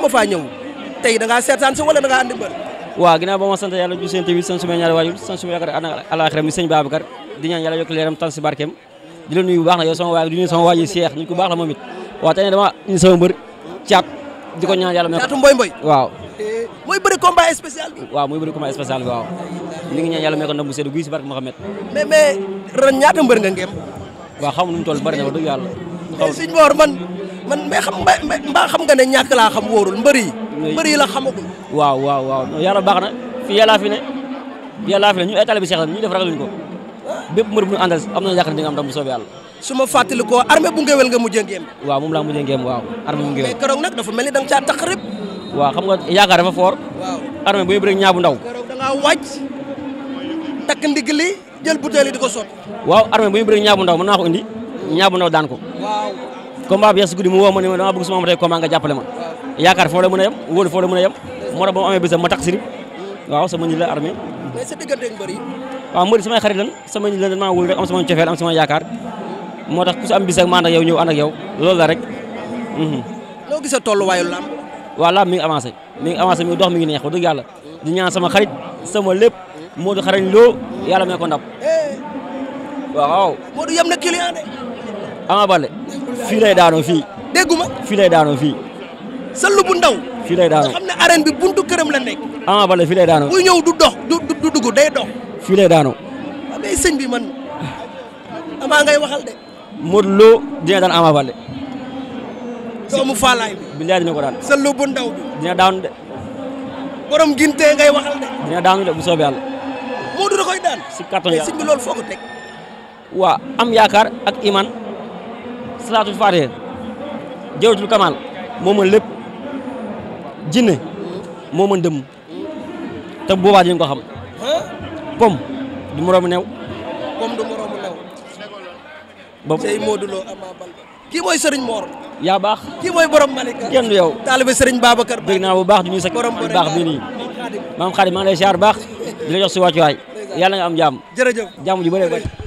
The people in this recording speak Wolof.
dama faa ñëw tey da ngaa seetaan si wala da andi mbër waaw ginnaaw ba ma sant yàlla ju seen tamit sant suma ñaari waajur sant suma yaakaar alaxira mi sëñ Babacar di ñaan yàlla si barkeem nit ku baax la moom it waaw ne dama indi sama mbër caat di ko ñaan yàlla me mboy mboy eh, waaw mooy bëri combat spécial waaw mooy bëri ñaan yàlla mee ko ndam guy si barke Mohamed mais mais ñaata mbër nga ngeem waaw xam nu mu toll bëri na wax dëgg yàlla eh, suñ boor man man mais xam mbaa xam nga ne ñàkk laa xam wóorul mbër yi. mbër yi la xamagul. waaw waaw waaw yàlla baax na fii yàllaa fi ne yàllaa fi ne ñu bi Cheikh la ñu def ragaluñ ko bépp mbër bu ñu àndal am na yaakaar di nga am ndam bu soobee yàlla. su ma fàttali ko armée bu ngéwél nga mujjee ngéem. waaw moom laa mujjee ngéem waaw armée bu ngéwél. mais dafa mel ni da nga caa xam nga yaakaar dafa fort. waaw armée bu ñu bëri ñaabu ndaw. keroog da ngaa wàcc takk ndigli jël butéel yi di ko sotti. waaw armée bu ñu bëri ñaabu ndaw mën naa ko indi ñaabu ndaw daan ko. combat bi yàlla si guddi mu woo ma ne ma dama bëgg su ma amatee nga jàppale ma yaakaar foo la mën a yem wóolu foo la a yem moo tax mu amee bésam ma tax waaw sama ñi la armée sa diggante ak mbër yi waaw moo tax ku si ma ànd ak yow ñëw ànd ak la rek mhm. loo gisee tolluwaayu lamb waaw lamb mi ngi avancé mi ngi mi ngi dox mi ngi neex wax dëgg yàlla di ñaan sama xarit sama lépp Modou xarañ loo yàlla may eh. na client de Ama Baldé fii lay daanoo fii. dégguma fii lay daanoo fii. sëllu bu ndaw. fii lay daanoo nga bi buntu këram la nekk. Ama Baldé fii lay daanoo. buy ñëw day dox. fii lay daanoo. Ah, bi man Ama ngay waxal de. Modou Lo bi. bilaay dina ko daan. sëllu bi. dina daanu de. borom waxal de. dina daanu de bu soobee yàlla. Modou da koy daan. si carton yàlla mais sëñ bi loolu foo ko teg. waa am yaakaar ak iman. salaatul faatiha jawratul kamal moo mën lépp jinne moo mën dëmm te boobaa dinañ ko xam pom du moroomu new pom du moroomu new ba tey Modou Lo kii mooy Serigne Mor yaa baax kii mooy borom Malika kenn du yow taalibe Serigne bu baax du ñuy sa borom baax maam Xaadim maa ngi baax di la si wàccuwaay yàlla nga am jàmm jërëjëf jàmm ju